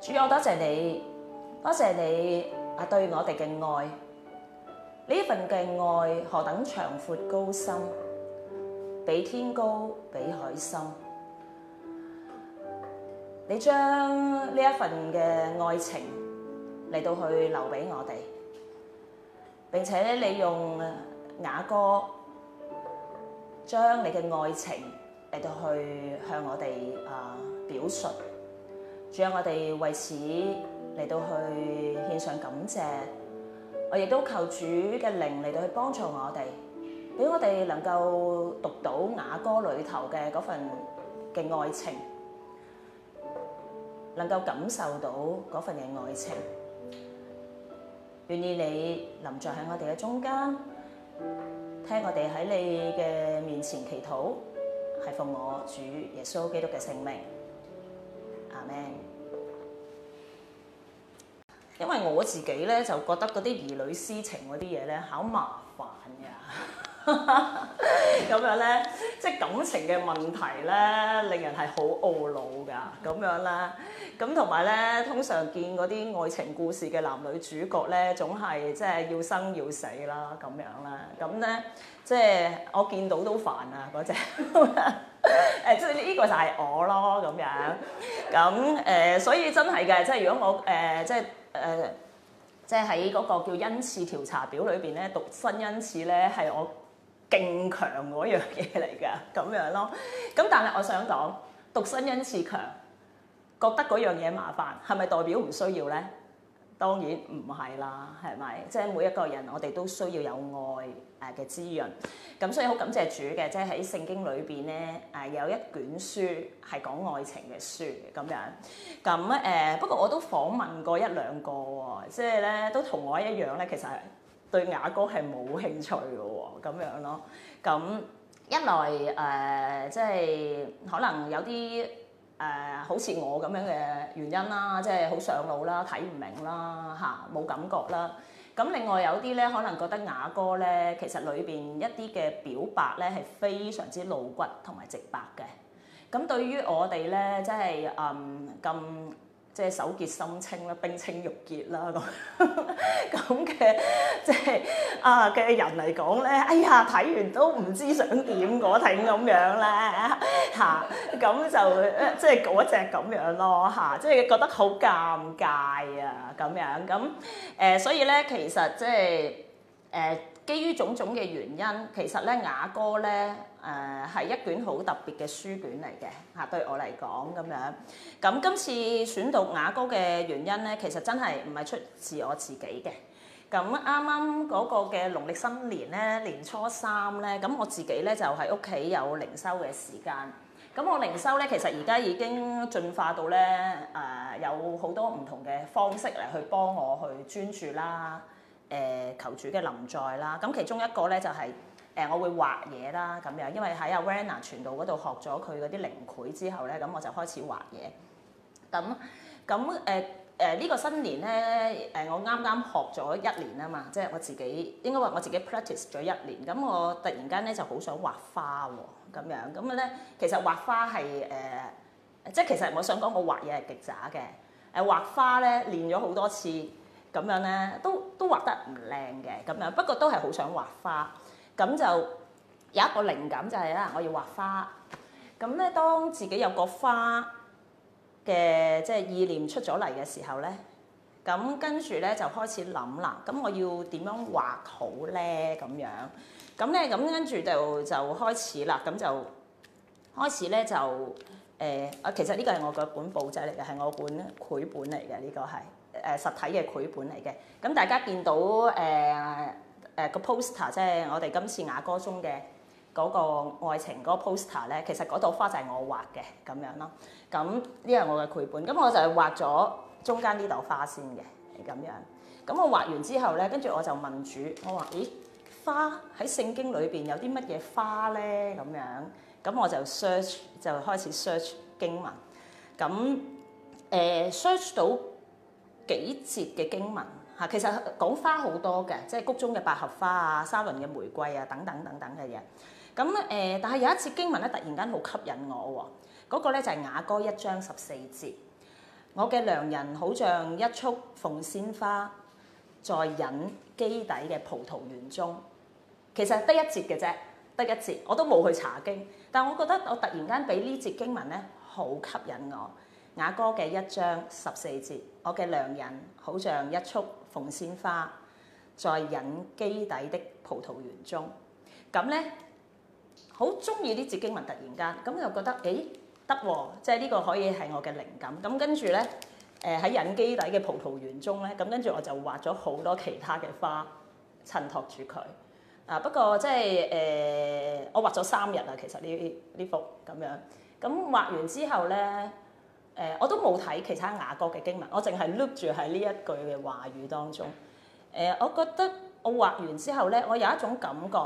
主啊，多謝你，多謝你啊！對我哋嘅愛，呢份嘅愛何等長闊高深，比天高，比海深。你將呢一份嘅愛情嚟到去留俾我哋，並且你用雅歌將你嘅愛情嚟到去向我哋啊表述。仲有我哋為此嚟到去獻上感謝，我亦都求主嘅靈嚟到去幫助我哋，俾我哋能夠讀到雅歌裏頭嘅嗰份嘅愛情，能夠感受到嗰份嘅愛情，願意你臨在喺我哋嘅中間，聽我哋喺你嘅面前祈禱，係奉我主耶穌基督嘅聖名。因為我自己咧就覺得嗰啲兒女私情嗰啲嘢咧好麻煩㗎，咁 樣咧即係感情嘅問題咧，令人係好懊惱㗎。咁樣啦，咁同埋咧，通常見嗰啲愛情故事嘅男女主角咧，總係即係要生要死啦，咁樣啦，咁咧即係我見到都煩啊嗰隻。那個 誒，即係呢個就係我咯，咁樣，咁誒、呃，所以真係嘅，即係如果我誒、呃，即係誒、呃，即係喺嗰個叫恩賜調查表裏邊咧，獨身恩賜咧係我勁強嗰樣嘢嚟噶，咁樣咯，咁但係我想講，獨身恩賜強，覺得嗰樣嘢麻煩，係咪代表唔需要咧？當然唔係啦，係咪？即係每一個人，我哋都需要有愛誒嘅滋潤。咁所以好感謝主嘅，即係喺聖經裏邊咧誒有一卷書係講愛情嘅書咁樣。咁誒、呃、不過我都訪問過一兩個喎、哦，即係咧都同我一樣咧，其實對雅歌係冇興趣嘅喎咁樣咯。咁一來誒、呃，即係可能有啲。誒、呃，好似我咁樣嘅原因啦，即係好上腦啦，睇唔明啦，嚇冇感覺啦。咁另外有啲咧，可能覺得雅歌咧，其實裏邊一啲嘅表白咧係非常之露骨同埋直白嘅。咁對於我哋咧，即係嗯咁。即係手潔心清啦，冰清玉潔啦，咁咁嘅即係啊嘅人嚟講咧，哎呀睇完都唔知想點嗰挺咁樣咧嚇，咁、 啊、就即係嗰隻咁樣咯嚇，即係覺得好尷尬啊咁樣咁誒、啊，所以咧其實即係誒、啊、基於種種嘅原因，其實咧雅歌咧。誒係一卷好特別嘅書卷嚟嘅嚇，對我嚟講咁樣。咁今次選讀雅歌嘅原因咧，其實真係唔係出自我自己嘅。咁啱啱嗰個嘅農曆新年咧，年初三咧，咁我自己咧就喺屋企有靈修嘅時間。咁我靈修咧，其實而家已經進化到咧誒，有好多唔同嘅方式嚟去幫我去專注啦，誒求主嘅臨在啦。咁其中一個咧就係。誒，我會畫嘢啦，咁樣，因為喺阿 Werner 傳道嗰度學咗佢嗰啲靈繪之後咧，咁我就開始畫嘢。咁咁誒誒，呢、呃這個新年咧，誒我啱啱學咗一年啊嘛，即係我自己應該話我自己 practice 咗一年。咁我突然間咧就好想畫花喎，咁樣咁咧，其實畫花係誒、呃，即係其實唔係我想講，我畫嘢係極渣嘅。誒畫花咧練咗好多次，咁樣咧都都畫得唔靚嘅咁樣，不過都係好想畫花。咁就有一個靈感就係啦，我要畫花。咁咧，當自己有個花嘅即係意念出咗嚟嘅時候咧，咁跟住咧就開始諗啦。咁我要點樣畫好咧？咁樣咁咧，咁跟住就就開始啦。咁就開始咧就誒啊、呃，其實呢個係我嘅本簿仔嚟嘅，係我本繪本嚟嘅，呢個係誒、呃、實體嘅繪本嚟嘅。咁大家見到誒。呃誒個、uh, poster 即係我哋今次雅歌中嘅嗰個愛情嗰個 poster 咧，其實嗰朵花就係我畫嘅咁樣咯。咁呢係我嘅繪本，咁我就畫咗中間呢朵花先嘅，係咁樣。咁我畫完之後咧，跟住我就問主，我話：咦，花喺聖經裏邊有啲乜嘢花咧？咁樣。咁我就 search 就開始 search 經文。咁誒、呃、search 到幾節嘅經文。嚇，其實講花好多嘅，即係谷中嘅百合花啊，沙崙嘅玫瑰啊，等等等等嘅嘢。咁誒，但係有一節經文咧，突然間好吸引我喎。嗰個咧就係雅歌一章十四節，我嘅良人好像一束鳳仙花，在隱基底嘅葡萄園中。其實得一節嘅啫，得一節，我都冇去查經，但係我覺得我突然間俾呢節經文咧好吸引我。雅歌嘅一章十四節，我嘅良人好像一束。紅鮮花在隱基底的葡萄園中，咁咧好中意呢節經文，突然間咁又覺得，誒得、啊，即係呢個可以係我嘅靈感。咁跟住咧，誒喺隱基底嘅葡萄園中咧，咁跟住我就畫咗好多其他嘅花襯托住佢。啊，不過即係誒，我畫咗三日啊，其實呢呢幅咁樣。咁畫完之後咧。誒、呃，我都冇睇其他雅歌嘅經文，我淨係 look 住喺呢一句嘅話語當中。誒、呃，我覺得我畫完之後咧，我有一種感覺，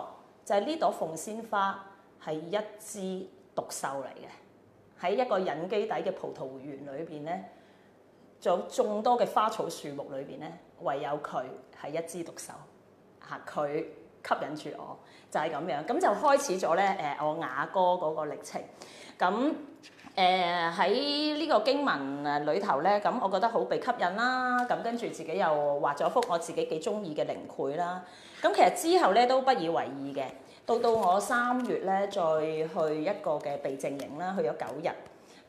就係、是、呢朵鳳仙花係一枝獨秀嚟嘅，喺一個隱基底嘅葡萄園裏邊咧，仲有眾多嘅花草樹木裏邊咧，唯有佢係一枝獨秀。嚇、啊，佢吸引住我，就係、是、咁樣，咁就開始咗咧。誒、呃，我雅歌嗰個歷程，咁。誒喺呢個經文誒裏頭咧，咁我覺得好被吸引啦。咁跟住自己又畫咗幅我自己幾中意嘅靈繪啦。咁其實之後咧都不以為意嘅。到到我三月咧再去一個嘅避靜營啦，去咗九日。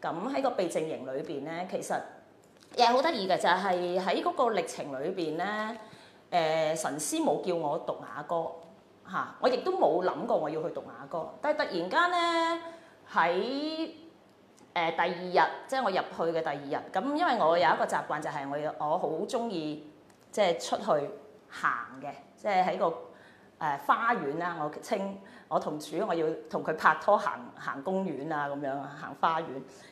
咁喺個避靜營裏邊咧，其實亦係好得意嘅，就係喺嗰個歷程裏邊咧，誒神師冇叫我讀雅歌，嚇我亦都冇諗過我要去讀雅歌。但係突然間咧喺誒第二日，即係我入去嘅第二日。咁因為我有一個習慣，就係我要我好中意即係出去行嘅，即係喺個誒花園啦。我稱我同主，我要同佢拍拖行行公園啊，咁樣行花園。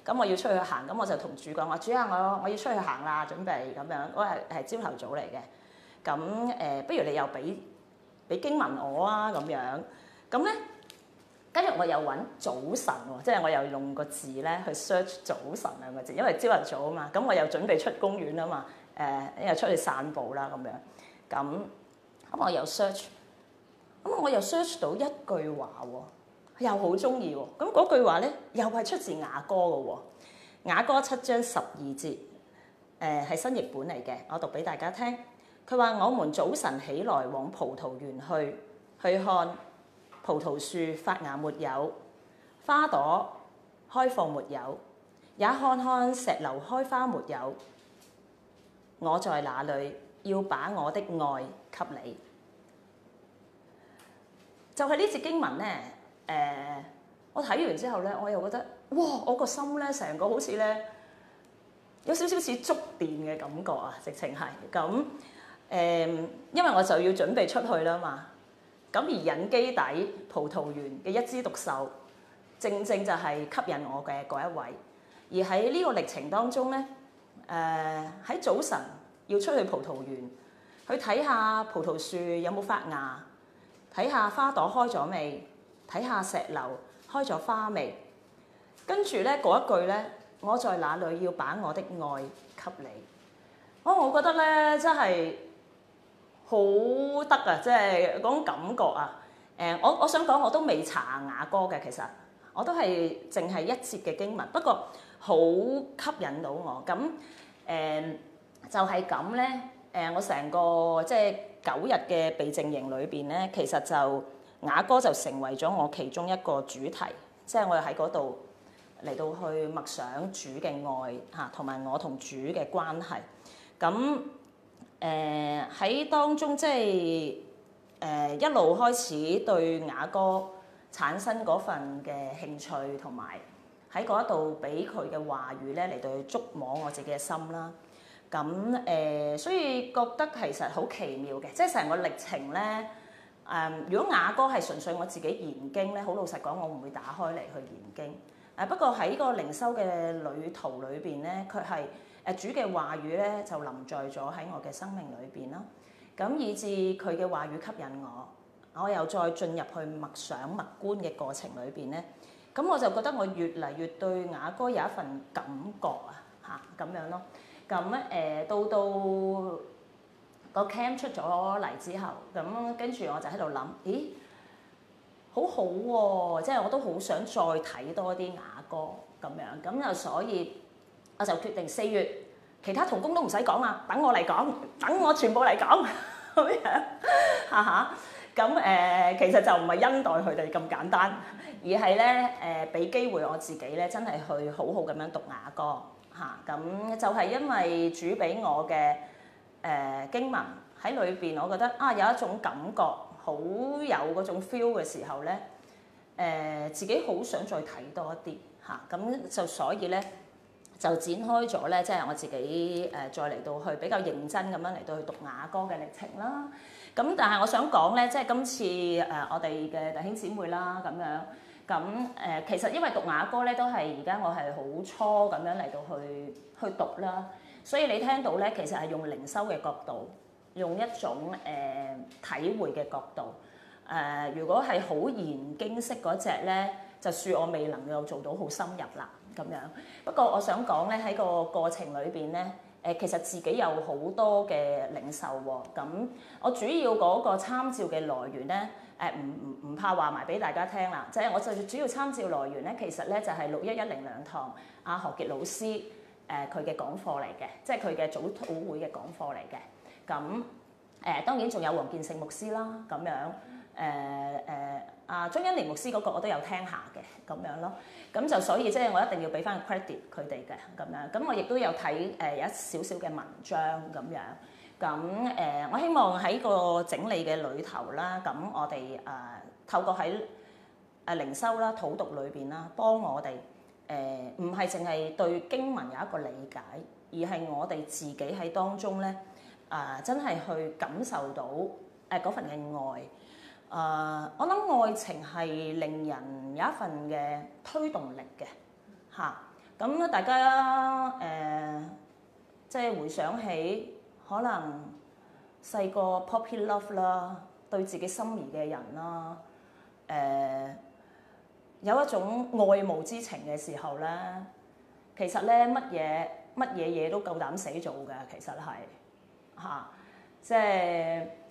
咁我要出去行，咁我就同主講話，主啊，我我要出去行啦，準備咁樣。我係朝頭早嚟嘅。咁誒，不如你又俾俾經文我啊，咁樣。咁咧。跟住我又揾早晨喎，即係我又用個字咧去 search 早晨兩個字，因為朝頭早啊嘛，咁我又準備出公園啊嘛，誒、呃、又出去散步啦咁樣，咁咁我又 search，咁我又 search 到一句話喎，又好鍾意喎，咁嗰句話咧又係出自雅歌嘅喎，雅歌七章十二節，誒、呃、係新譯本嚟嘅，我讀俾大家聽，佢話我們早晨起來往葡萄園去去看。葡萄樹發芽沒有，花朵開放沒有，也看看石榴開花沒有。我在那裏要把我的愛給你。就係呢節經文咧，誒、呃，我睇完之後咧，我又覺得，哇，我個心咧成個好似咧有少少似觸電嘅感覺啊，直情係咁誒，因為我就要準備出去啦嘛。咁而隱基底葡萄園嘅一枝獨秀，正正就係吸引我嘅嗰一位。而喺呢個歷程當中咧，誒、呃、喺早晨要出去葡萄園去睇下葡萄樹有冇發芽，睇下花朵開咗未，睇下石榴開咗花未。跟住咧嗰一句咧，我在哪裏要把我的愛給你，哦？我覺得咧真係～好得啊！即係嗰種感覺啊！誒，我我想講我都未查雅歌嘅，其實我都係淨係一節嘅經文，不過好吸引到我。咁誒、呃、就係咁咧，誒、呃、我成個即係九日嘅備證營裏邊咧，其實就雅歌就成為咗我其中一個主題，即係我又喺嗰度嚟到去默想主嘅愛嚇，同埋我同主嘅關係咁。誒喺、呃、當中即係誒、呃、一路開始對雅歌產生嗰份嘅興趣，同埋喺嗰一度俾佢嘅話語咧嚟到去觸摸我自己嘅心啦。咁、呃、誒，所以覺得其實好奇妙嘅，即係成個歷程咧。誒、呃，如果雅歌係純粹我自己研經咧，好老實講，我唔會打開嚟去研經。誒、呃，不過喺個靈修嘅旅途裏邊咧，佢係。誒主嘅話語咧就臨在咗喺我嘅生命裏邊啦，咁以至佢嘅話語吸引我，我又再進入去默想默觀嘅過程裏邊咧，咁我就覺得我越嚟越對雅歌有一份感覺啊嚇咁樣咯，咁誒到到個 cam 出咗嚟之後，咁跟住我就喺度諗，咦、哎、好好喎，啊，即係我都好想再睇多啲雅歌咁樣，咁又所以。我就決定四月，其他同工都唔使講啦，等我嚟講，等我全部嚟講，好唔好呀？嚇嚇，咁誒，其實就唔係恩待佢哋咁簡單，而係咧誒，俾機會我自己咧，真係去好好咁樣讀雅歌嚇。咁就係因為主俾我嘅誒經文喺裏邊，我覺得啊有一種感覺，好有嗰種 feel 嘅時候咧，誒自己好想再睇多一啲嚇。咁就所以咧。就展開咗咧，即係我自己誒、呃，再嚟到去比較認真咁樣嚟到去讀雅歌嘅歷程啦。咁但係我想講咧，即係今次誒、呃、我哋嘅弟兄姊妹啦，咁樣咁誒、呃，其實因為讀雅歌咧，都係而家我係好初咁樣嚟到去去讀啦。所以你聽到咧，其實係用靈修嘅角度，用一種誒、呃、體會嘅角度誒、呃。如果係好研經式嗰隻咧。就算我未能夠做到好深入啦，咁樣。不過我想講咧，喺個過程裏邊咧，誒、呃、其實自己有好多嘅領受喎。咁、啊、我主要嗰個參照嘅來源咧，誒唔唔唔怕話埋俾大家聽啦。即、就、係、是、我就主要參照來源咧，其實咧就係六一一靈糧堂阿、啊、何傑老師誒佢嘅講課嚟嘅，即係佢嘅早禱會嘅講課嚟嘅。咁、啊、誒、呃、當然仲有黃建盛牧師啦，咁、啊、樣誒誒。呃呃啊，張恩年牧師嗰個我都有聽下嘅，咁樣咯。咁就所以即係我一定要俾翻個 credit 佢哋嘅，咁樣。咁我亦都有睇誒有一少少嘅文章咁樣。咁、呃、誒，我希望喺個整理嘅裡頭啦，咁我哋啊、呃、透過喺誒、呃、靈修啦、啊、討讀裏邊啦，幫我哋誒唔係淨係對經文有一個理解，而係我哋自己喺當中咧啊、呃，真係去感受到誒嗰、呃、份嘅愛。誒，uh, 我諗愛情係令人有一份嘅推動力嘅，嚇。咁咧，大家誒、呃，即係回想起可能細個 puppy love 啦，對自己心儀嘅人啦，誒、呃，有一種愛慕之情嘅時候咧，其實咧，乜嘢乜嘢嘢都夠膽死做嘅，其實係嚇、啊，即係。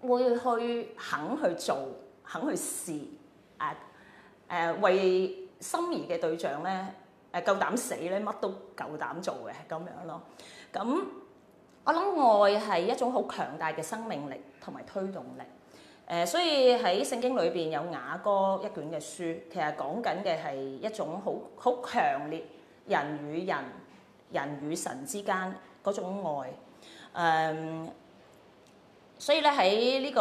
會去肯去做，肯去試，誒誒，為心儀嘅對象咧，誒夠膽死咧，乜都夠膽做嘅咁樣咯。咁我諗愛係一種好強大嘅生命力同埋推動力。誒，所以喺聖經裏邊有雅歌一卷嘅書，其實講緊嘅係一種好好強烈人與人、人與神之間嗰種愛。誒。所以咧喺呢個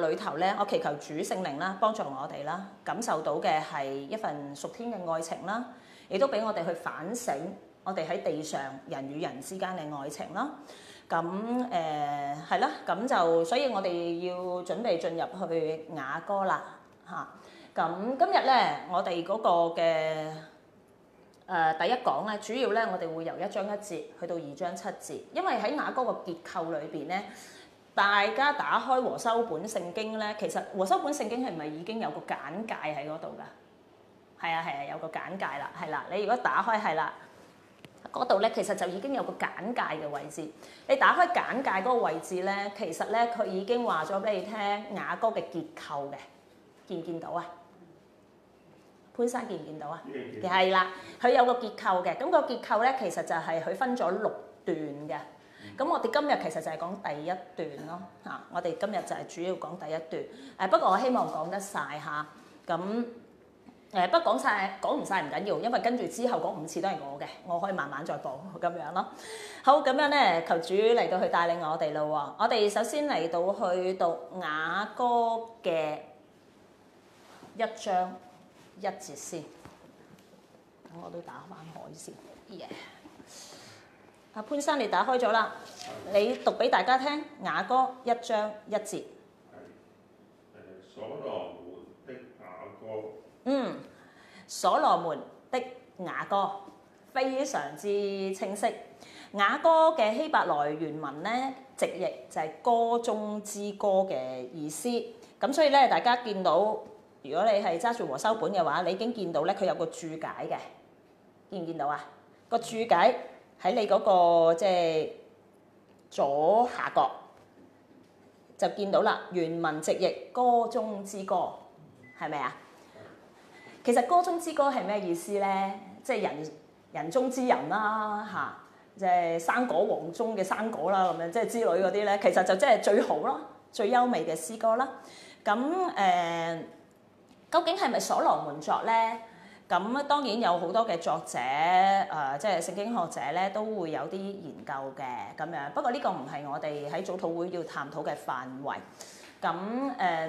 裡頭咧，我祈求主聖靈啦，幫助我哋啦，感受到嘅係一份屬天嘅愛情啦，亦都俾我哋去反省我哋喺地上人與人之間嘅愛情啦。咁誒係啦，咁就所以我哋要準備進入去雅歌啦嚇。咁今日咧，我哋嗰個嘅誒第一講咧，主要咧我哋會由一章一節去到二章七節，因為喺雅歌嘅結構裏邊咧。大家打開和修本聖經咧，其實和修本聖經係咪已經有個簡介喺嗰度噶？係啊，係啊，有個簡介啦，係啦。你如果打開係啦，嗰度咧其實就已經有個簡介嘅位置。你打開簡介嗰個位置咧，其實咧佢已經話咗俾你聽雅歌嘅結構嘅。見唔見到啊？潘生見唔見到啊？見見見。係啦，佢有個結構嘅，咁個結構咧其實就係佢分咗六段嘅。咁我哋今日其實就係講第一段咯，嚇、啊！我哋今日就係主要講第一段，誒、啊、不過我希望講得晒嚇。咁、啊、誒、啊、不過講晒，講唔晒唔緊要，因為跟住之後講五次都係我嘅，我可以慢慢再補咁樣咯。好咁樣咧，求主嚟到去帶領我哋咯喎！我哋首先嚟到去讀雅歌嘅一章一節先，我都打翻海先。Yeah. 潘生，你打開咗啦，係，你讀俾大家聽雅歌一章一節。係，所羅門的雅歌。嗯，所羅門的雅歌非常之清晰。雅歌嘅希伯來原文咧，直譯就係歌中之歌嘅意思。咁所以咧，大家見到如果你係揸住和修本嘅話，你已經見到咧，佢有個注解嘅。見唔見到啊？這個注解。喺你嗰、那個即係、就是、左下角就見到啦，原文直譯《歌中之歌》，係咪啊？其實《歌中之歌》係咩意思咧？即、就、係、是、人人中之人啦，嚇！即係生果王中嘅生果啦，咁樣即係之類嗰啲咧，其實就即係最好咯，最優美嘅詩歌啦。咁誒、呃，究竟係咪所羅門作咧？咁當然有好多嘅作者，誒、呃，即係聖經學者咧，都會有啲研究嘅咁樣。不過呢個唔係我哋喺早禱會要探討嘅範圍。咁誒、呃，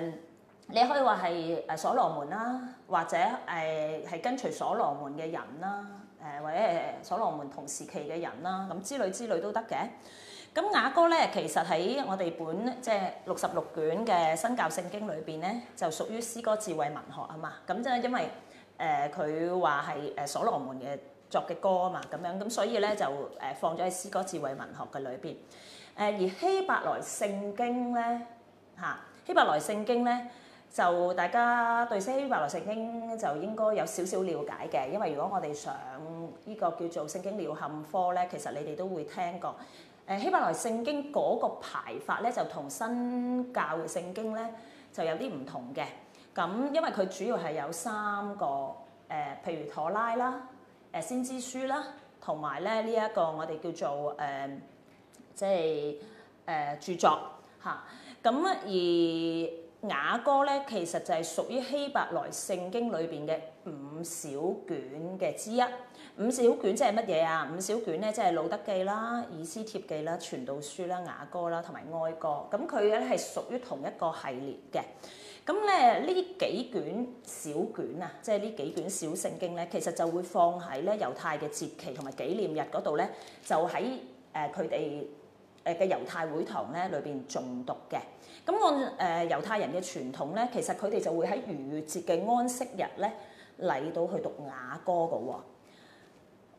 你可以話係誒所羅門啦，或者誒係跟隨所羅門嘅人啦，誒、呃、或者所羅門同時期嘅人啦，咁之類之類都得嘅。咁雅歌咧，其實喺我哋本即係六十六卷嘅新教聖經裏邊咧，就屬於詩歌智慧文學啊嘛。咁即係因為。誒佢話係誒所羅門嘅作嘅歌啊嘛，咁樣咁所以咧就誒放咗喺詩歌智慧文學嘅裏邊。誒、呃、而希伯來聖經咧嚇，希、啊、伯來聖經咧就大家對希伯來聖經就應該有少少了解嘅，因為如果我哋上呢個叫做聖經鳥瞰科咧，其實你哋都會聽過。誒、呃、希伯來聖經嗰個排法咧就同新教嘅聖經咧就有啲唔同嘅。咁因為佢主要係有三個誒、呃，譬如妥拉啦、誒、呃、先知書啦，同埋咧呢一個我哋叫做誒、呃，即係誒、呃、著作嚇。咁、啊、而雅歌咧，其實就係屬於希伯來聖經裏邊嘅五小卷嘅之一。五小卷即係乜嘢啊？五小卷咧即係路得記啦、以斯帖記啦、傳道書啦、雅歌啦，同埋哀歌。咁佢咧係屬於同一個系列嘅。咁咧呢幾卷小卷啊，即係呢幾卷小聖經咧，其實就會放喺咧猶太嘅節期同埋紀念日嗰度咧，就喺誒佢哋誒嘅猶太會堂咧裏邊誦讀嘅。咁按誒猶太人嘅傳統咧，其實佢哋就會喺逾越節嘅安息日咧嚟到去讀雅歌嘅喎。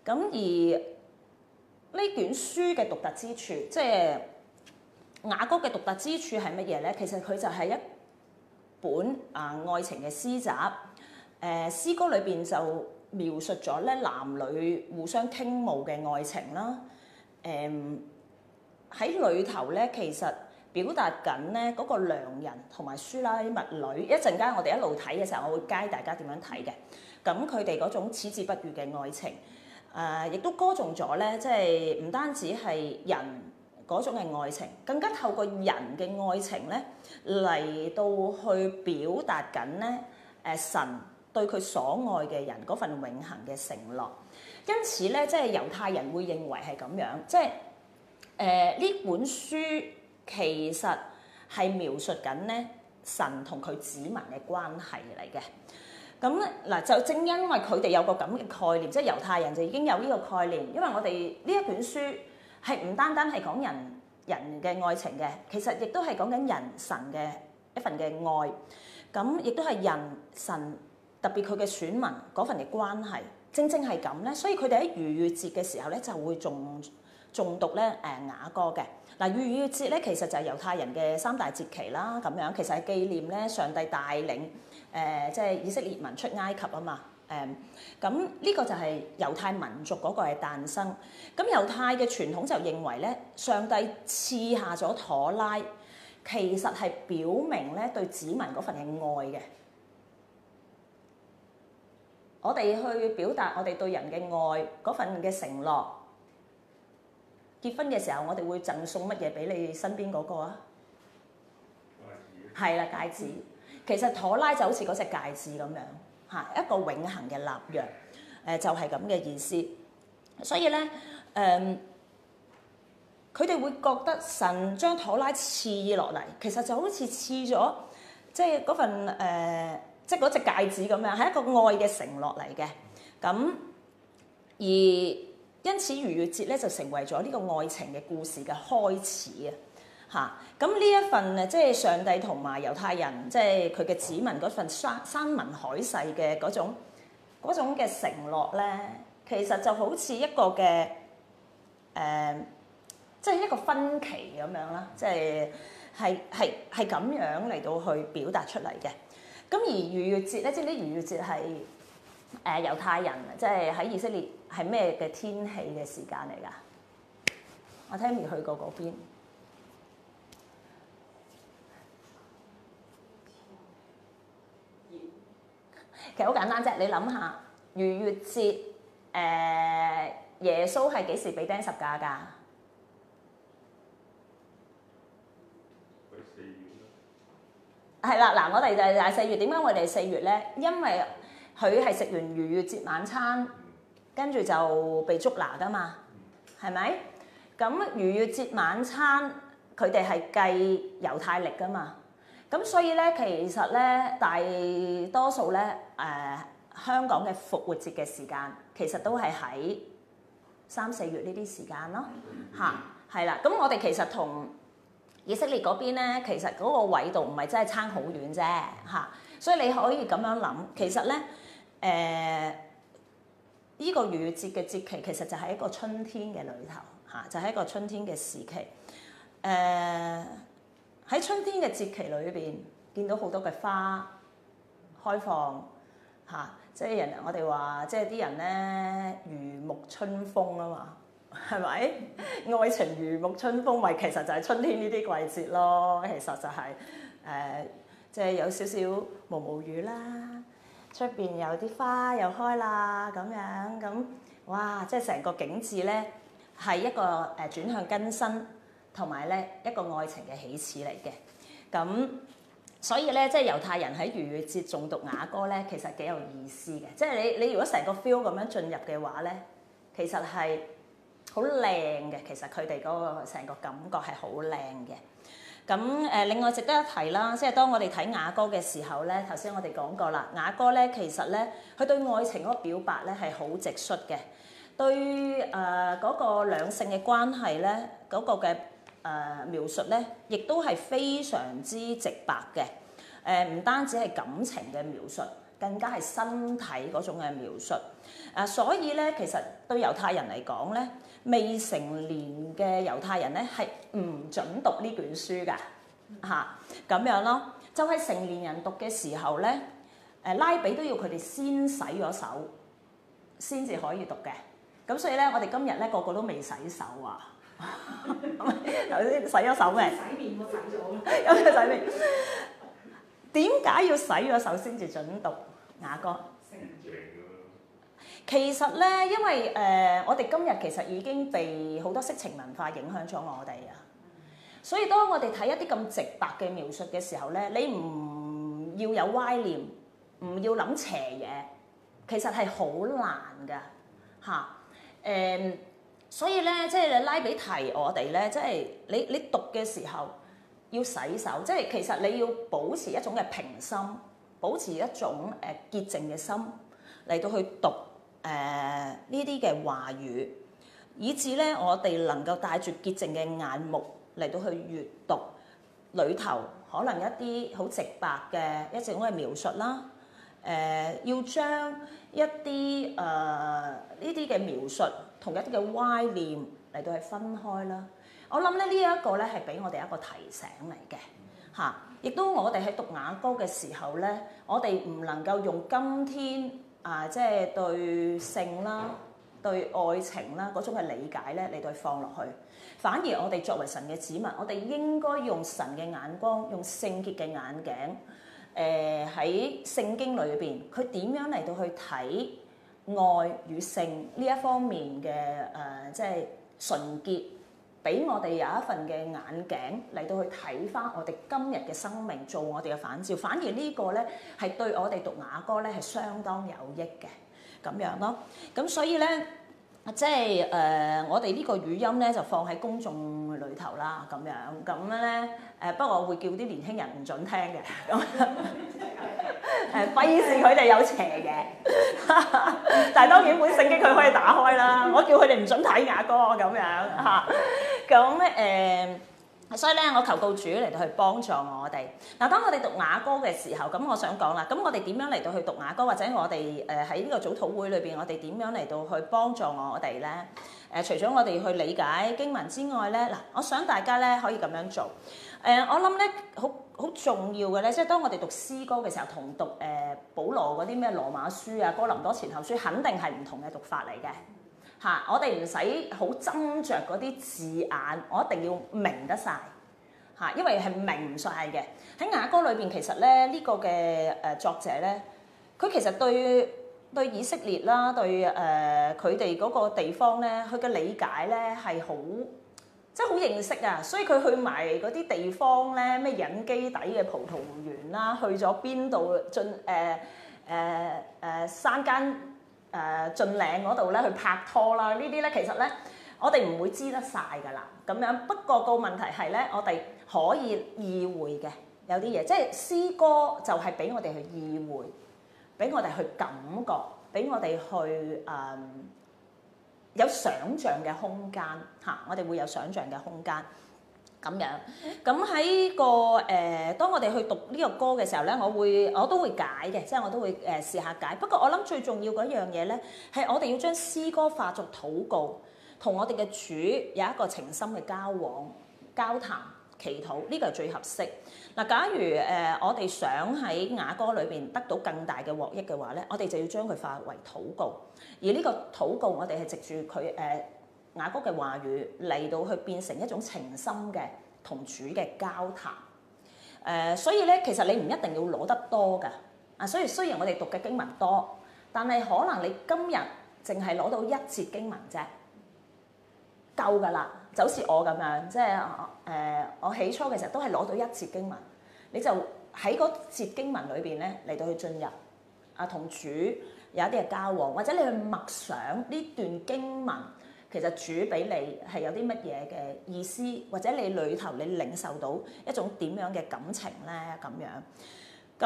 咁而呢卷書嘅獨特之處，即係雅歌嘅獨特之處係乜嘢咧？其實佢就係一本啊愛情嘅詩集，誒詩歌裏邊就描述咗咧男女互相傾慕嘅愛情啦。誒喺裏頭咧，其實表達緊咧嗰個良人同埋書拉密女，一陣間我哋一路睇嘅時候，我會解大家點樣睇嘅。咁佢哋嗰種矢志不渝嘅愛情，誒、呃、亦都歌頌咗咧，即係唔單止係人。嗰種嘅愛情，更加透過人嘅愛情咧嚟到去表達緊咧，誒神對佢所愛嘅人嗰份永恆嘅承諾。因此咧，即係猶太人會認為係咁樣，即係誒呢本書其實係描述緊咧神同佢子民嘅關係嚟嘅。咁咧嗱，就正因為佢哋有個咁嘅概念，即係猶太人就已經有呢個概念，因為我哋呢一本書。係唔單單係講人人嘅愛情嘅，其實亦都係講緊人神嘅一份嘅愛，咁亦都係人神特別佢嘅選民嗰份嘅關係，正正係咁咧。所以佢哋喺逾越節嘅時候咧，就會重重讀咧誒雅歌嘅。嗱，逾越節咧，逾越節其實就係猶太人嘅三大節期啦咁樣，其實係紀念咧上帝帶領誒、呃、即係以色列民出埃及啊嘛。誒，咁呢個就係猶太民族嗰個嘅誕生。咁猶太嘅傳統就認為咧，上帝賜下咗妥拉，其實係表明咧對子民嗰份係愛嘅。我哋去表達我哋對人嘅愛嗰份嘅承諾。結婚嘅時候，我哋會贈送乜嘢俾你身邊嗰個啊？戒指。係啦，戒指。其實妥拉就好似嗰隻戒指咁樣。嚇一個永恆嘅立約，誒就係咁嘅意思。所以咧，誒佢哋會覺得神將妥拉刺落嚟，其實就好似刺咗即係嗰份誒，即係嗰隻戒指咁樣，係一個愛嘅承諾嚟嘅。咁而因此，逾越節咧就成為咗呢個愛情嘅故事嘅開始啊！嚇！咁呢一份誒，即係上帝同埋猶太人，即係佢嘅子民嗰份山山盟海誓嘅嗰種嘅承諾咧，其實就好似一個嘅誒、呃，即係一個分歧咁樣啦，即係係係係咁樣嚟到去表達出嚟嘅。咁而逾越節咧，即係啲逾越節係誒猶太人即係喺以色列係咩嘅天氣嘅時間嚟噶？我聽未去過嗰邊。其實好簡單啫，你諗下逾越節，誒耶穌係幾時俾釘十架㗎？係四月啦。係啦，嗱，我哋就係四月。點解我哋係四月咧？因為佢係食完逾越節晚餐，跟住就被捉拿㗎嘛，係咪？咁逾越節晚餐佢哋係計猶太歷㗎嘛，咁所以咧，其實咧大多數咧。誒、呃、香港嘅復活節嘅時間，其實都係喺三四月呢啲時間咯，嚇，係啦。咁、啊、我哋其實同以色列嗰邊咧，其實嗰個緯度唔係真係差好遠啫，嚇、啊。所以你可以咁樣諗，其實咧誒依個逾越節嘅節期，其實就係一個春天嘅裏頭，嚇、啊、就係、是、一個春天嘅時期。誒、啊、喺春天嘅節期裏邊，見到好多嘅花開放。嚇、啊！即係人，我哋話，即係啲人咧，如沐春風啊嘛，係咪？愛情如沐春風，咪其實就係春天呢啲季節咯。其實就係、是、誒、呃，即係有少少毛毛雨啦，出邊有啲花又開啦，咁樣咁，哇！即係成個景緻咧，係一個誒轉向更新，同埋咧一個愛情嘅起始嚟嘅，咁。所以咧，即係猶太人喺逾越節中讀雅歌咧，其實幾有意思嘅。即係你你如果成個 feel 咁樣進入嘅話咧，其實係好靚嘅。其實佢哋嗰個成個感覺係好靚嘅。咁誒，另外值得一提啦，即係當我哋睇雅歌嘅時候咧，頭先我哋講過啦，雅歌咧其實咧，佢對愛情嗰個表白咧係好直率嘅，對誒嗰、呃那個兩性嘅關係咧嗰個嘅。誒、呃、描述咧，亦都係非常之直白嘅。誒、呃、唔單止係感情嘅描述，更加係身體嗰種嘅描述。啊、呃，所以咧，其實對猶太人嚟講咧，未成年嘅猶太人咧係唔準讀呢卷書㗎。嚇、啊、咁樣咯，就喺、是、成年人讀嘅時候咧，誒、呃、拉比都要佢哋先洗咗手，先至可以讀嘅。咁所以咧，我哋今日咧個個都未洗手啊！頭先洗咗手咩？洗面我洗咗，因為洗面。點解要洗咗手先至準讀？雅歌，性情咯。其實咧，因為誒，我哋今日其實已經被好多色情文化影響咗我哋啊。所以當我哋睇一啲咁直白嘅描述嘅時候咧，你唔要有歪念，唔要諗邪嘢，其實係好難噶嚇誒。所以咧，即係你拉俾提我哋咧，即係你你讀嘅時候要洗手，即係其實你要保持一種嘅平心，保持一種誒、呃、潔淨嘅心嚟到去讀誒呢啲嘅話語，以至咧我哋能夠帶住潔淨嘅眼目嚟到去閱讀裏頭可能一啲好直白嘅一種咁嘅描述啦，誒要將一啲誒呢啲嘅描述。呃同一啲嘅歪念嚟到係分開啦，我諗咧呢一個咧係俾我哋一個提醒嚟嘅吓。亦、啊、都我哋喺讀雅歌嘅時候咧，我哋唔能夠用今天啊即係、就是、對性啦、對愛情啦嗰種嘅理解咧嚟到去放落去，反而我哋作為神嘅子民，我哋應該用神嘅眼光，用聖潔嘅眼鏡誒，喺、呃、聖經裏邊，佢點樣嚟到去睇？愛與性呢一方面嘅誒、呃，即係純潔，俾我哋有一份嘅眼鏡嚟到去睇翻我哋今日嘅生命，做我哋嘅反照。反而個呢個咧係對我哋讀雅歌咧係相當有益嘅，咁樣咯。咁所以咧，即係誒、呃，我哋呢個語音咧就放喺公眾裏頭啦，咁樣咁樣咧誒、呃，不過我會叫啲年輕人唔準聽嘅。 誒，費事佢哋有邪嘅， 但係當然本聖經佢可以打開啦。 我叫佢哋唔准睇雅歌咁樣吓。咁誒、 嗯，所以咧，我求告主嚟到去幫助我哋。嗱，當我哋讀雅歌嘅時候，咁我想講啦。咁我哋點樣嚟到去讀雅歌，或者我哋誒喺呢個早禱會裏邊，我哋點樣嚟到去幫助我哋咧？誒，除咗我哋去理解經文之外咧，嗱，我想大家咧可以咁樣做。誒、嗯，我諗咧好。好重要嘅咧，即係當我哋讀詩歌嘅時候，同讀誒、呃、保羅嗰啲咩羅馬書啊、哥林多前後書，肯定係唔同嘅讀法嚟嘅嚇。我哋唔使好斟酌嗰啲字眼，我一定要明得晒，嚇、啊，因為係明唔曬嘅。喺雅歌裏邊，其實咧呢、這個嘅誒作者咧，佢其實對對以色列啦，對誒佢哋嗰個地方咧，佢嘅理解咧係好。真係好認識啊！所以佢去埋嗰啲地方咧，咩隱基底嘅葡萄園啦，去咗邊度？進誒誒誒山間誒峻、呃、嶺嗰度咧去拍拖啦！呢啲咧其實咧，我哋唔會知得晒㗎啦。咁樣，不過個問題係咧，我哋可以意會嘅有啲嘢，即係詩歌就係俾我哋去意會，俾我哋去感覺，俾我哋去誒。嗯有想像嘅空間嚇、啊，我哋會有想像嘅空間咁樣。咁喺個誒、呃，當我哋去讀呢個歌嘅時候咧，我會我都會解嘅，即係我都會誒試下解。不過我諗最重要嗰樣嘢咧，係我哋要將詩歌化作禱告，同我哋嘅主有一個情深嘅交往、交談、祈禱，呢、這個係最合適。嗱、呃，假如誒、呃、我哋想喺雅歌裏邊得到更大嘅獲益嘅話咧，我哋就要將佢化為禱告。而呢個禱告，我哋係藉住佢誒雅歌嘅話語嚟到去變成一種情深嘅同主嘅交談。誒、呃，所以咧，其實你唔一定要攞得多㗎。啊，所以雖然我哋讀嘅經文多，但係可能你今日淨係攞到一節經文啫，夠㗎啦。就好似我咁樣，即係誒、呃，我起初嘅時候都係攞到一節經文，你就喺嗰節經文裏邊咧嚟到去進入啊，同主。有一啲嘅交往，或者你去默想呢段經文，其實主俾你係有啲乜嘢嘅意思，或者你裏頭你領受到一種點樣嘅感情咧？咁樣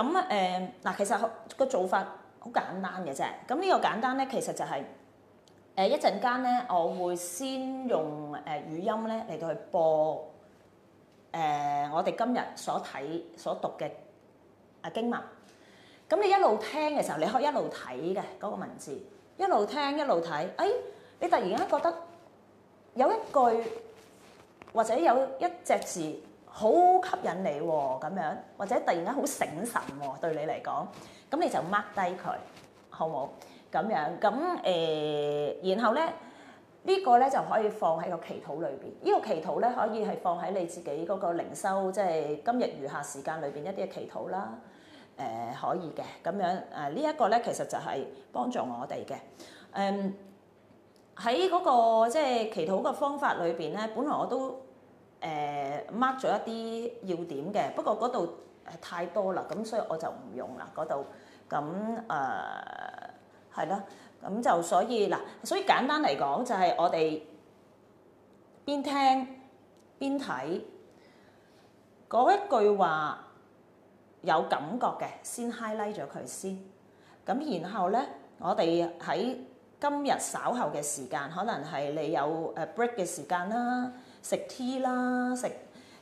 咁誒嗱，其實個做法好簡單嘅啫。咁呢個簡單咧，其實就係誒一陣間咧，呃、會我會先用誒語音咧嚟到去播誒、呃、我哋今日所睇所讀嘅啊經文。咁你一路聽嘅時候，你可以一路睇嘅嗰個文字，一路聽一路睇。哎，你突然間覺得有一句或者有一隻字好吸引你喎，咁樣或者突然間好醒神喎，對你嚟講，咁你就掹低佢，好冇？咁樣。咁誒，呃，然後咧呢個咧就可以放喺個祈禱裏邊。呢個祈禱咧可以係放喺你自己嗰個靈修，即係今日餘下時間裏邊一啲嘅祈禱啦。誒、呃、可以嘅咁樣，誒、呃、這個、呢一個咧其實就係幫助我哋嘅。誒喺嗰個即係祈禱嘅方法裏邊咧，本來我都誒、呃、mark 咗一啲要點嘅，不過嗰度誒太多啦，咁所以我就唔用啦嗰度。咁誒係啦，咁、呃、就所以嗱，所以簡單嚟講就係我哋邊聽邊睇嗰一句話。有感覺嘅，先 highlight 咗佢先。咁然後咧，我哋喺今日稍後嘅時間，可能係你有誒 break 嘅時間啦，食 tea 啦，食誒、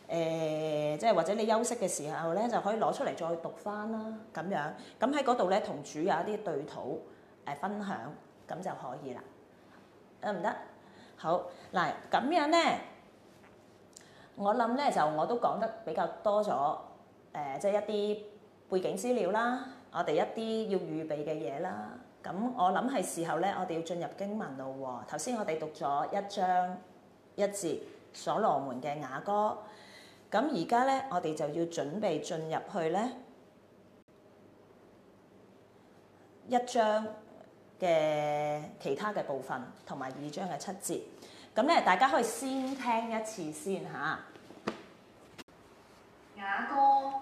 呃、即係或者你休息嘅時候咧，就可以攞出嚟再讀翻啦。咁樣咁喺嗰度咧，同主有一啲對討誒、呃、分享，咁就可以啦。得唔得？好，嗱，咁樣咧，我諗咧就我都講得比較多咗。誒，即係一啲背景資料啦，我哋一啲要預備嘅嘢啦。咁我諗係時候咧，我哋要進入經文咯。頭先我哋讀咗一章一節所羅門嘅雅歌，咁而家咧我哋就要準備進入去咧一章嘅其他嘅部分，同埋二章嘅七節。咁咧大家可以先聽一次先嚇。雅歌。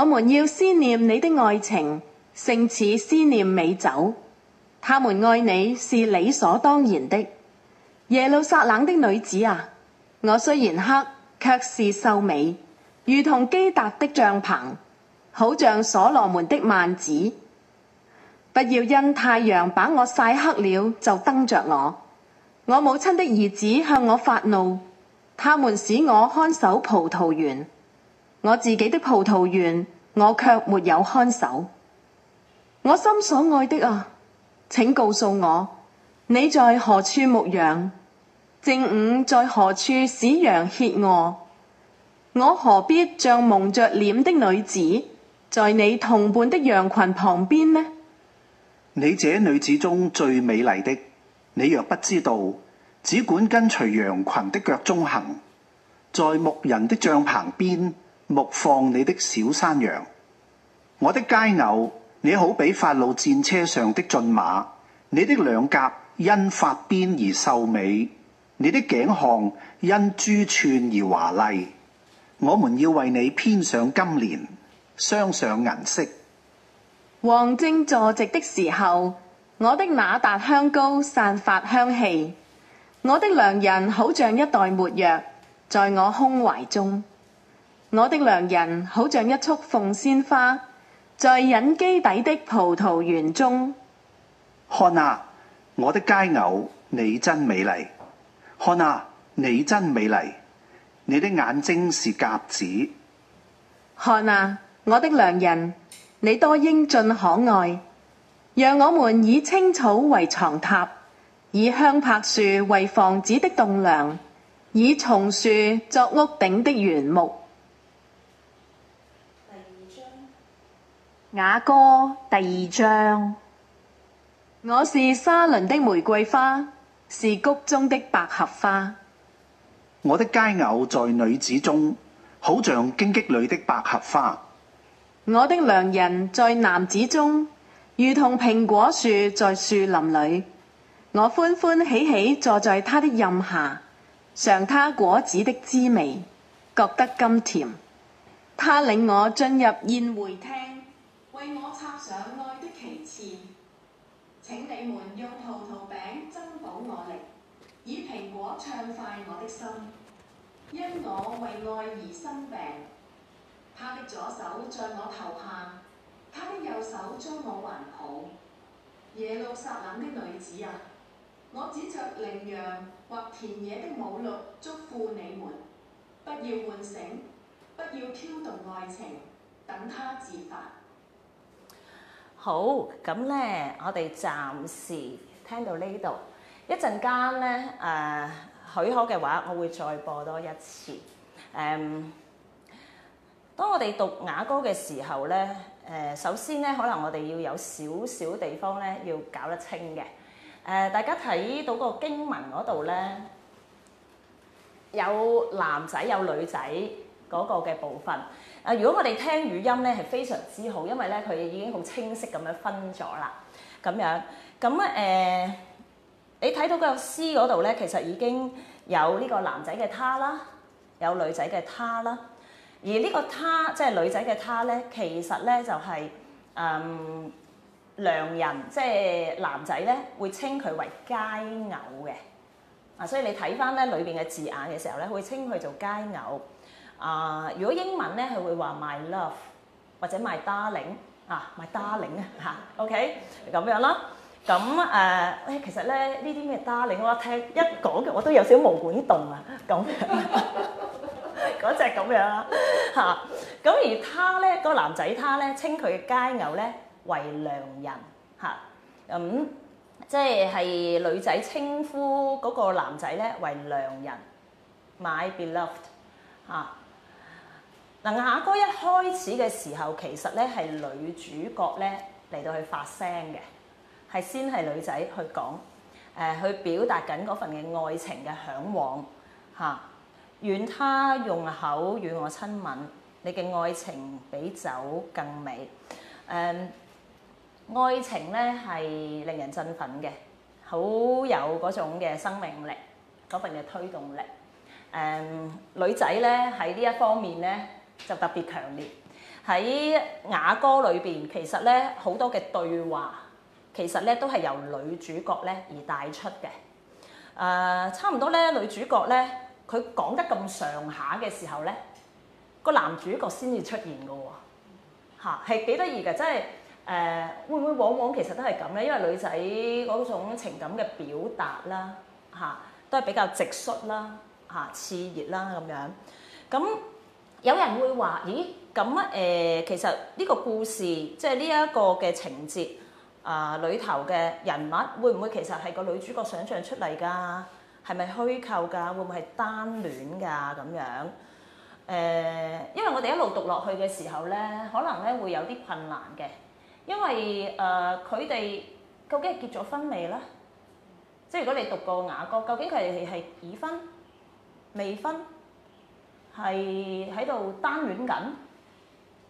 我們要思念你的愛情，勝似思念美酒。他們愛你是理所當然的。耶路撒冷的女子啊，我雖然黑，却是秀美，如同基達的帳棚，好像所羅門的幔子。不要因太陽把我曬黑了就瞪着我。我母親的兒子向我發怒，他們使我看守葡萄園。我自己的葡萄園，我卻沒有看守。我心所愛的啊，請告訴我，你在何處牧羊？正午在何處使羊歇臥？我何必像蒙着臉的女子，在你同伴的羊群旁邊呢？你這女子中最美麗的，你若不知道，只管跟隨羊群的腳蹤行，在牧人的帳棚邊。牧放你的小山羊，我的佳偶，你好比法老戰車上的駿馬，你的兩頰因髮邊而秀美，你的頸項因珠串而華麗。我們要為你編上金鏈，鑲上銀色。王正坐席的時候，我的那達香膏散發香氣，我的良人好像一袋沒藥，在我胸懷中。我的良人好像一束鳳仙花，在隱基底的葡萄園中。看啊，我的佳偶，你真美麗。看啊，你真美麗，你的眼睛是鴿子。看啊，我的良人，你多英俊可愛。讓我們以青草為床榻，以香柏樹為房子的棟梁，以松樹作屋頂的原木。雅歌第二章，我是沙崙的玫瑰花，是谷中的百合花。 我的佳偶在女子中，好像荊棘裏的百合花。 我的良人在男子中，如同蘋果樹在樹林裏。我歡歡喜喜坐在他的蔭下，嘗他果子的滋味，覺得甘甜。他領我進入宴會廳。為我插上愛的旗幟，請你們用葡萄餅增補我力，以蘋果暢快我的心。因我為愛而生病，他的左手在我頭下，他的右手將我環抱。耶路撒冷的女子啊，我指着羚羊或田野的母鹿，祝福你們，不要喚醒，不要挑動愛情，等他自發。好，咁咧，我哋暫時聽到呢度，一陣間咧，誒、呃、許可嘅話，我會再播多一次。誒、嗯，當我哋讀雅歌嘅時候咧，誒、呃、首先咧，可能我哋要有少少地方咧要搞得清嘅。誒、呃，大家睇到個經文嗰度咧，有男仔有女仔。嗰個嘅部分誒，如果我哋聽語音咧，係非常之好，因為咧佢已經好清晰咁樣分咗啦。咁樣咁誒、呃，你睇到個詩嗰度咧，其實已經有呢個男仔嘅他啦，有女仔嘅他啦。而呢個他即係女仔嘅他咧，其實咧就係、是、嗯，良人，即係男仔咧會稱佢為佳偶嘅啊。所以你睇返咧裏邊嘅字眼嘅時候咧，會稱佢做佳偶。啊，如果英文咧，佢會話 my love 或者 my darling 啊，my darling 嚇，OK 咁樣啦。咁誒，其實咧呢啲咩 darling，我一聽一講嘅，我都有少少毛管動啊，咁樣嗰隻咁樣嚇。咁而他咧，個男仔他咧稱佢嘅佳偶咧為良人嚇，咁即係係女仔稱呼嗰個男仔咧為良人 my beloved 嚇。嗱，雅歌一開始嘅時候，其實咧係女主角咧嚟到去發聲嘅，係先係女仔去講，誒、呃、去表達緊嗰份嘅愛情嘅嚮往，嚇、啊，願他用口與我親吻，你嘅愛情比酒更美，誒、嗯，愛情咧係令人振奮嘅，好有嗰種嘅生命力，嗰份嘅推動力，誒、嗯，女仔咧喺呢一方面咧。就特別強烈喺雅歌裏邊，其實咧好多嘅對話，其實咧都係由女主角咧而帶出嘅。誒、呃、差唔多咧，女主角咧佢講得咁上下嘅時候咧，個男主角先至出現㗎喎。嚇，係幾得意嘅，即係誒會唔會往往其實都係咁咧？因為女仔嗰種情感嘅表達啦，嚇、啊、都係比較直率啦，嚇、啊、熾熱啦咁、啊、樣咁。啊有人會話，咦，咁誒，其實呢個故事，即係呢一個嘅情節啊，裏頭嘅人物，會唔會其實係個女主角想象出嚟㗎？係咪虛構㗎？會唔會係單戀㗎？咁樣誒，因為我哋一路讀落去嘅時候咧，可能咧會有啲困難嘅，因為誒佢哋究竟係結咗婚未咧？即係如果你讀過雅歌，究竟佢哋係係已婚、未婚？係喺度單戀緊，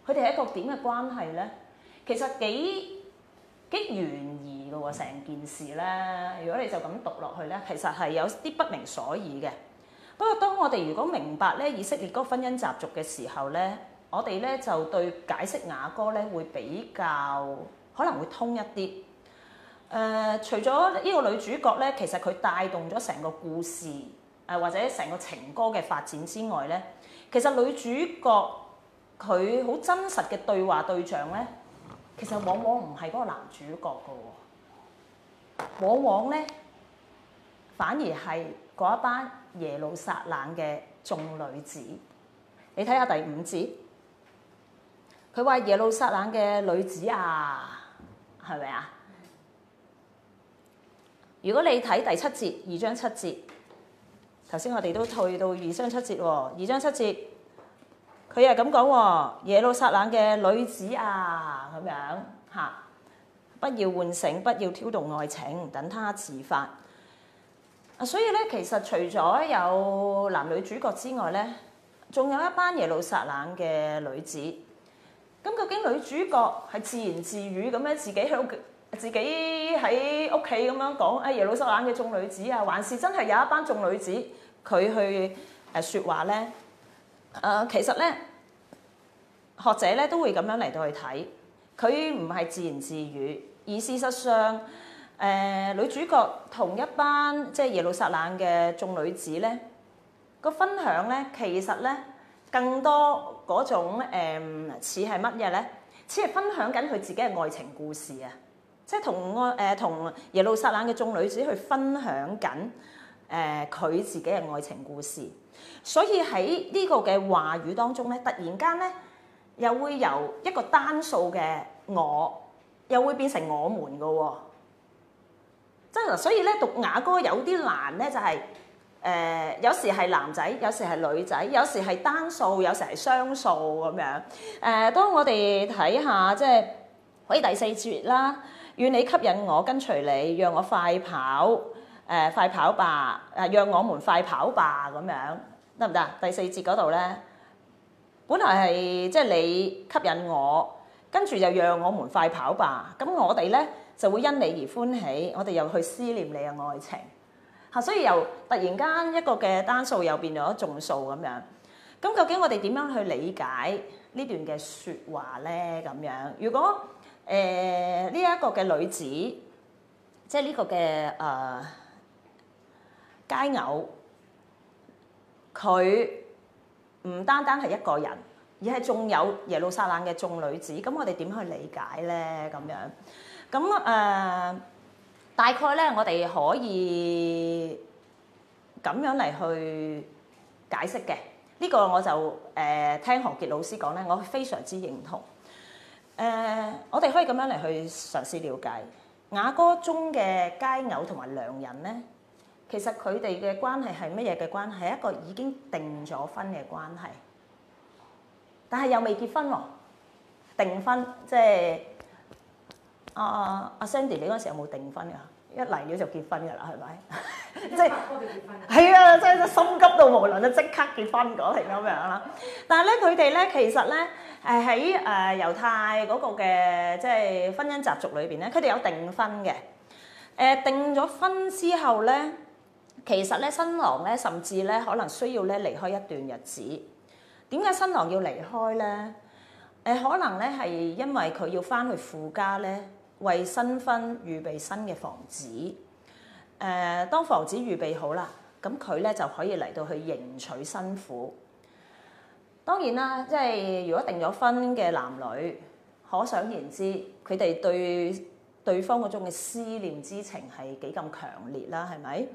佢哋係一個點嘅關係咧？其實幾幾懸疑嘅喎，成件事咧。如果你就咁讀落去咧，其實係有啲不明所以嘅。不過當我哋如果明白咧以色列嗰個婚姻習俗嘅時候咧，我哋咧就對解釋雅歌咧會比較可能會通一啲。誒，除咗呢個女主角咧，其實佢帶動咗成個故事誒，或者成個情歌嘅發展之外咧。其實女主角佢好真實嘅對話對象咧，其實往往唔係嗰個男主角㗎喎，往往咧反而係嗰一班耶路撒冷嘅眾女子。你睇下第五節，佢話耶路撒冷嘅女子啊，係咪啊？如果你睇第七節、二章七節。頭先我哋都退到二章七節喎，二章七節，佢又咁講喎，耶路撒冷嘅女子啊，咁樣吓，不要喚醒，不要挑動愛情，等他自發。啊，所以咧，其實除咗有男女主角之外咧，仲有一班耶路撒冷嘅女子。咁究竟女主角係自言自語咁樣，自己喺屋自己喺屋企咁樣講，哎耶路撒冷嘅眾女子啊，還是真係有一班眾女子？佢去誒説話咧，誒、呃、其實咧，學者咧都會咁樣嚟到去睇，佢唔係自言自語，而事實上，誒、呃、女主角同一班即係耶路撒冷嘅眾女子咧，個分享咧，其實咧，更多嗰種似係乜嘢咧？似係分享緊佢自己嘅愛情故事啊！即係同愛誒、呃、同耶路撒冷嘅眾女子去分享緊。誒佢、呃、自己嘅愛情故事，所以喺呢個嘅話語當中咧，突然間咧又會由一個單數嘅我，又會變成我們嘅喎。即、哦、所以咧讀雅歌有啲難咧，就係、是、誒、呃、有時係男仔，有時係女仔，有時係單數，有時係雙數咁樣。誒、呃，當我哋睇下即係可以第四節啦，願你吸引我，跟隨你，讓我快跑。誒、啊、快跑吧！誒、啊、讓我們快跑吧，咁樣得唔得？第四節嗰度咧，本來係即係你吸引我，跟住就讓我們快跑吧。咁我哋咧就會因你而歡喜，我哋又去思念你嘅愛情。嚇、啊，所以又突然間一個嘅單數又變咗眾數咁樣。咁究竟我哋點樣去理解呢段嘅説話咧？咁樣如果誒呢一個嘅女子，即係呢個嘅誒。呃佳偶，佢唔單單係一個人，而係仲有耶路撒冷嘅眾女子。咁我哋點去理解咧？咁樣咁誒、呃，大概咧我哋可以咁樣嚟去解釋嘅。呢、這個我就誒、呃、聽何傑老師講咧，我非常之認同。誒、呃，我哋可以咁樣嚟去嘗試了解雅歌中嘅佳偶同埋良人咧。其實佢哋嘅關係係乜嘢嘅關係？一個已經定咗婚嘅關係，但係又未結婚喎。定婚即係阿阿 Sandy，你嗰陣時有冇定婚㗎？一嚟咗就結婚㗎啦，係咪？即係我哋結婚係啊！即係心急到無論都即刻結婚嗰啲咁樣啦。但係咧，佢哋咧其實咧，誒喺誒猶太嗰個嘅即係婚姻習俗裏邊咧，佢哋有定婚嘅。誒定咗婚之後咧。其實咧，新郎咧，甚至咧，可能需要咧離開一段日子。點解新郎要離開咧？誒，可能咧係因為佢要翻去父家咧，為新婚預備新嘅房子。誒、呃，當房子預備好啦，咁佢咧就可以嚟到去迎娶新婦。當然啦，即係如果定咗婚嘅男女，可想而知，佢哋對對方嗰種嘅思念之情係幾咁強烈啦，係咪？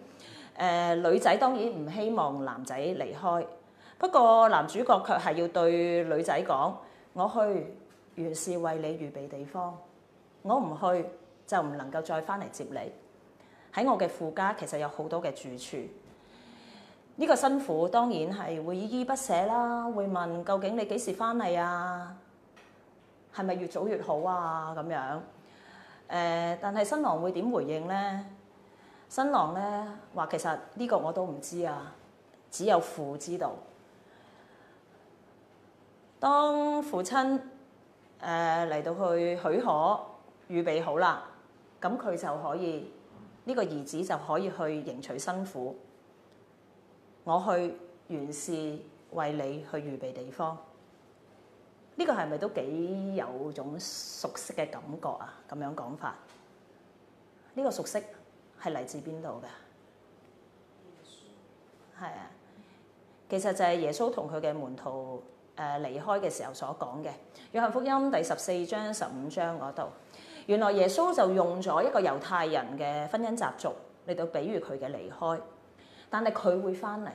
誒、呃、女仔當然唔希望男仔離開，不過男主角卻係要對女仔講：我去原是為你預備地方，我唔去就唔能夠再翻嚟接你。喺我嘅父家其實有好多嘅住處，呢、這個新婦當然係會依依不捨啦，會問究竟你幾時翻嚟啊？係咪越早越好啊？咁樣誒、呃，但係新郎會點回應呢？新郎咧話：其實呢個我都唔知啊，只有父知道。當父親誒嚟到去許可預備好啦，咁佢就可以呢個兒子就可以去迎娶新婦。我去原是，為你去預備地方。呢個係咪都幾有種熟悉嘅感覺啊？咁樣講法，呢個熟悉。係嚟自邊度嘅？耶穌係啊，其實就係耶穌同佢嘅門徒誒呃、離開嘅時候所講嘅《約翰福音》第十四章、十五章嗰度。原來耶穌就用咗一個猶太人嘅婚姻習俗嚟到比喻佢嘅離開，但係佢會翻嚟。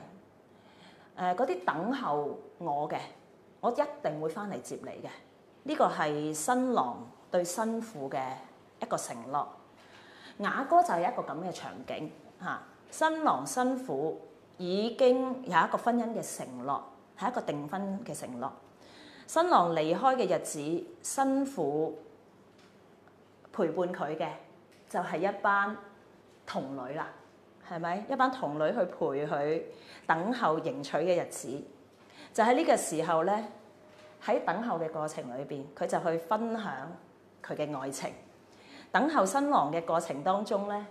誒嗰啲等候我嘅，我一定會翻嚟接你嘅。呢個係新郎對新婦嘅一個承諾。雅歌就係一個咁嘅場景嚇，新郎新婦已經有一個婚姻嘅承諾，係一個訂婚嘅承諾。新郎離開嘅日子，新婦陪伴佢嘅就係一班童女啦，係咪？一班童女去陪佢等候迎娶嘅日子，就喺呢個時候咧，喺等候嘅過程裏邊，佢就去分享佢嘅愛情。等候新郎嘅過程當中咧，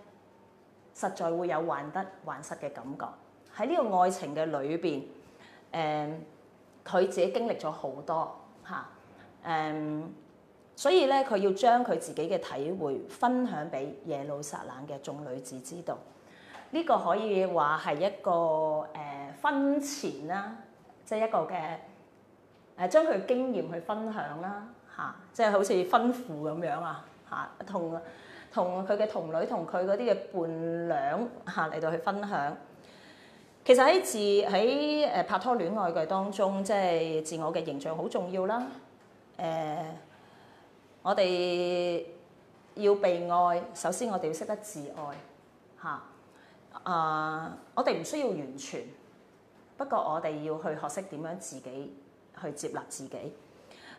實在會有患得患失嘅感覺。喺呢個愛情嘅裏邊，誒、嗯、佢自己經歷咗好多嚇，誒、嗯、所以咧佢要將佢自己嘅體會分享俾耶路撒冷嘅眾女子知道。呢、這個可以話係一個誒、呃、婚前啦，即係一個嘅誒將佢經驗去分享啦嚇、啊，即係好似婚婦咁樣啊。嚇，同同佢嘅童女，同佢嗰啲嘅伴娘吓嚟到去分享。其實喺自喺誒拍拖戀愛嘅當中，即係自我嘅形象好重要啦。誒、呃，我哋要被愛，首先我哋要識得自愛吓啊！我哋唔需要完全，不過我哋要去學識點樣自己去接納自己。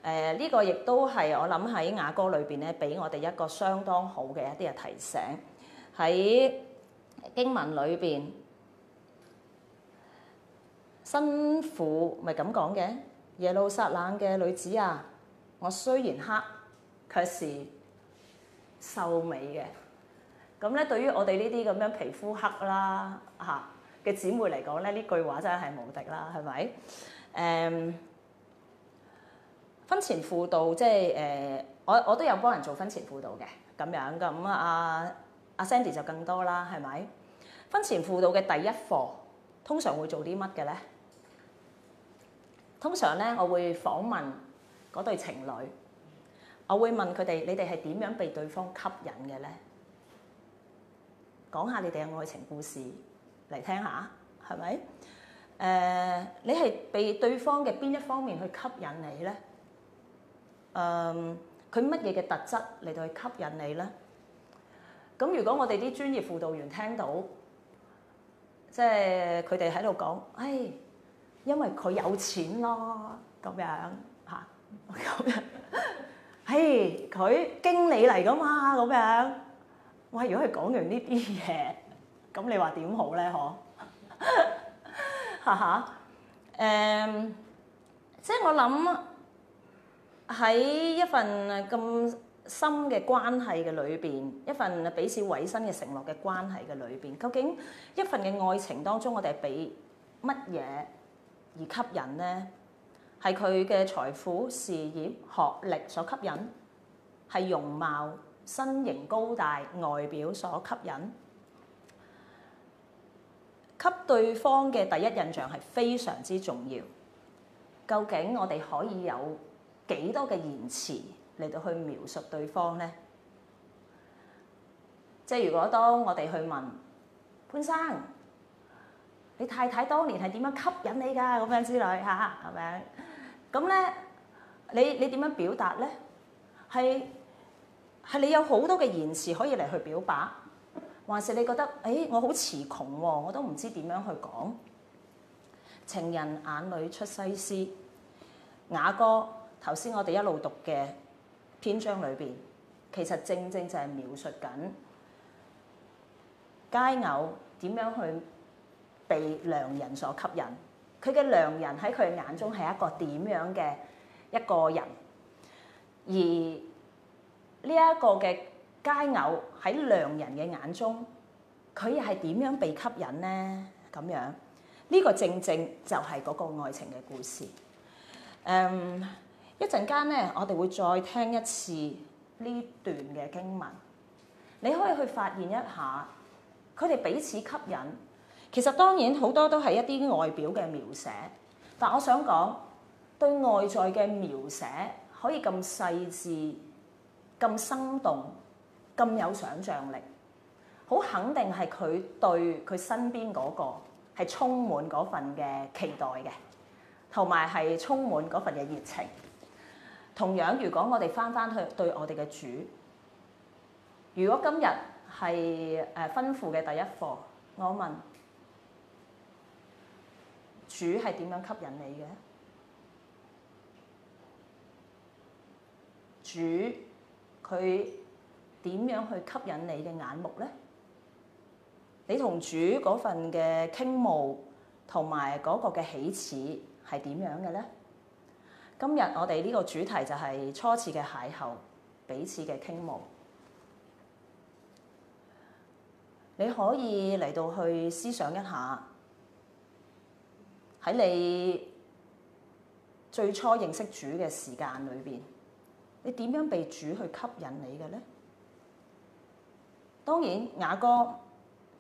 誒呢個亦都係我諗喺雅歌裏邊咧，俾我哋一個相當好嘅一啲嘅提醒。喺經文裏邊，新婦咪咁講嘅：耶路撒冷嘅女子啊，我雖然黑，卻是秀美嘅。咁咧，對於我哋呢啲咁樣皮膚黑啦嚇嘅姊妹嚟講咧，呢句話真係無敵啦，係咪？誒、um。婚前輔導即係誒，我我都有幫人做婚前輔導嘅咁樣咁啊。阿阿 Sandy 就更多啦，係咪？婚前輔導嘅第一課通常會做啲乜嘅咧？通常咧，我會訪問嗰對情侶，我會問佢哋你哋係點樣被對方吸引嘅咧？講下你哋嘅愛情故事嚟聽下，係咪？誒，你係被對方嘅邊一方面去吸引你咧？誒，佢乜嘢嘅特質嚟到去吸引你咧？咁如果我哋啲專業輔導員聽到，即係佢哋喺度講，誒，因為佢有錢咯，咁樣嚇，咁樣，誒，佢經理嚟㗎嘛，咁樣，喂，如果佢講完呢啲嘢，咁你話點好咧？呵，哈哈，誒，即係我諗。喺一份咁深嘅關係嘅裏邊，一份彼此委身嘅承諾嘅關係嘅裏邊，究竟一份嘅愛情當中，我哋係俾乜嘢而吸引呢？係佢嘅財富、事業、學歷所吸引，係容貌、身形高大、外表所吸引，給對方嘅第一印象係非常之重要。究竟我哋可以有幾多嘅言辭嚟到去描述對方咧？即係如果當我哋去問潘生，你太太當年係點樣吸引你㗎？咁樣之類吓係咪？咁咧，你你點樣表達咧？係係你有好多嘅言辭可以嚟去表白，還是你覺得誒，哎，我好詞窮啊，我都唔知點樣去講？情人眼裏出西施，雅歌。頭先我哋一路讀嘅篇章裏邊，其實正正就係描述緊佳偶點樣去被良人所吸引。佢嘅良人喺佢眼中係一個點樣嘅一個人，而呢一個嘅佳偶喺良人嘅眼中，佢又係點樣被吸引呢？咁樣呢、這個正正就係嗰個愛情嘅故事。誒、嗯。一陣間咧，我哋會再聽一次呢段嘅經文。你可以去發現一下，佢哋彼此吸引。其實當然好多都係一啲外表嘅描寫，但我想講，對外在嘅描寫可以咁細緻、咁生動、咁有想像力，好肯定係佢對佢身邊嗰個係充滿嗰份嘅期待嘅，同埋係充滿嗰份嘅熱情。同樣，如果我哋返返去對我哋嘅主，如果今日係誒吩咐嘅第一課，我問「主係點樣吸引你嘅？主佢點樣去吸引你嘅眼目呢？你同主嗰份嘅傾慕同埋嗰個嘅起始係點樣嘅呢？」今日我哋呢個主題就係初次嘅邂逅，彼此嘅傾慕。你可以嚟到去思想一下喺你最初認識主嘅時間裏邊，你點樣被主去吸引你嘅呢？當然，雅歌，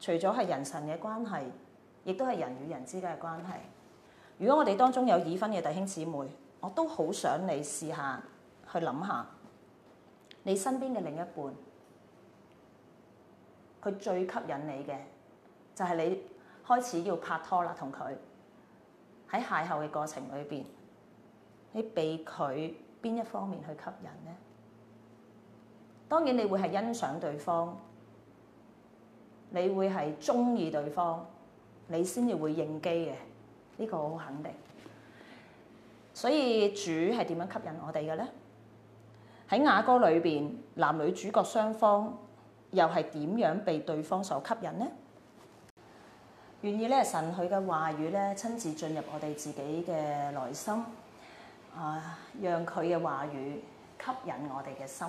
除咗係人神嘅關係，亦都係人與人之間嘅關係。如果我哋當中有已婚嘅弟兄姊妹，我都好想你試下去諗下，你身邊嘅另一半，佢最吸引你嘅，就係、是、你開始要拍拖啦，同佢喺邂逅嘅過程裏邊，你俾佢邊一方面去吸引呢？當然你會係欣賞對方，你會係中意對方，你先至會應機嘅，呢、這個好肯定。所以主係點樣吸引我哋嘅呢？喺雅歌裏邊，男女主角雙方又係點樣被對方所吸引呢？願意咧，神佢嘅話語咧，親自進入我哋自己嘅內心，啊，讓佢嘅話語吸引我哋嘅心。